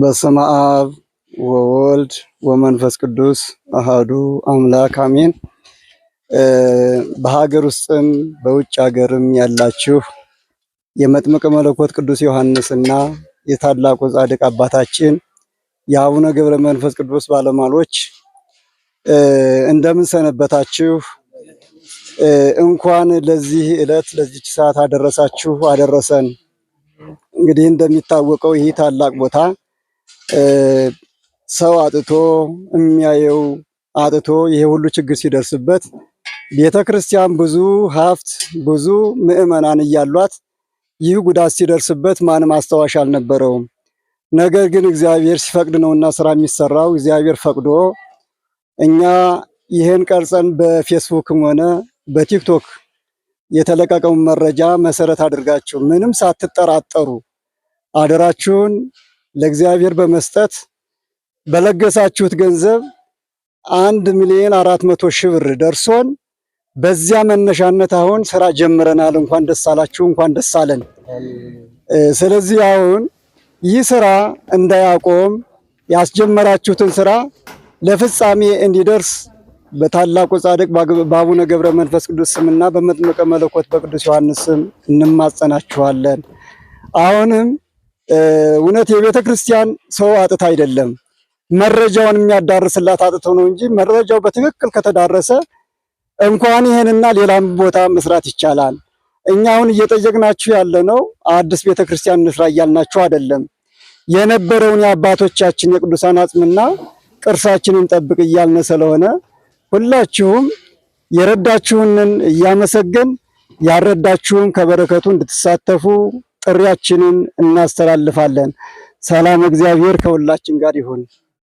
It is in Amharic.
በስመ አብ ወወልድ ወመንፈስ ቅዱስ አሃዱ አምላክ አሜን። በሀገር ውስጥም በውጭ ሀገርም ያላችሁ የመጥምቀ መለኮት ቅዱስ ዮሐንስና የታላቁ ጻድቅ አባታችን የአቡነ ገብረ መንፈስ ቅዱስ ባለሟሎች እንደምን ሰነበታችሁ? እንኳን ለዚህ ዕለት ለዚች ሰዓት አደረሳችሁ አደረሰን። እንግዲህ እንደሚታወቀው ይህ ታላቅ ቦታ ሰው አጥቶ የሚያየው አጥቶ ይሄ ሁሉ ችግር ሲደርስበት ቤተ ክርስቲያን ብዙ ሀብት ብዙ ምዕመናን እያሏት ይህ ጉዳት ሲደርስበት ማንም አስታዋሽ አልነበረውም። ነገር ግን እግዚአብሔር ሲፈቅድ ነውና ስራ የሚሰራው። እግዚአብሔር ፈቅዶ እኛ ይህን ቀርጸን በፌስቡክም ሆነ በቲክቶክ የተለቀቀውን መረጃ መሰረት አድርጋችሁ ምንም ሳትጠራጠሩ አደራችሁን ለእግዚአብሔር በመስጠት በለገሳችሁት ገንዘብ አንድ ሚሊዮን አራት መቶ ሺህ ብር ደርሶን በዚያ መነሻነት አሁን ስራ ጀምረናል። እንኳን ደስ አላችሁ፣ እንኳን ደስ አለን። ስለዚህ አሁን ይህ ስራ እንዳያቆም ያስጀመራችሁትን ስራ ለፍጻሜ እንዲደርስ በታላቁ ጻድቅ በአቡነ ገብረ መንፈስ ቅዱስ ስምና በመጥምቀ መለኮት በቅዱስ ዮሐንስ ስም እንማጸናችኋለን። አሁንም እውነት የቤተ ክርስቲያን ሰው አጥት አይደለም መረጃውን የሚያዳርስላት አጥቶ ነው እንጂ መረጃው በትክክል ከተዳረሰ እንኳን ይሄንና ሌላም ቦታ መስራት ይቻላል። እኛ አሁን እየጠየቅናችሁ ያለነው አዲስ ቤተክርስቲያን እንስራ እያልናችሁ አይደለም። የነበረውን የአባቶቻችን የቅዱሳን አጽምና ቅርሳችንን ጠብቅ እያልን ስለሆነ ሁላችሁም የረዳችሁንን እያመሰገን ያረዳችሁን ከበረከቱ እንድትሳተፉ ጥሪያችንን እናስተላልፋለን። ሰላም እግዚአብሔር ከሁላችን ጋር ይሁን።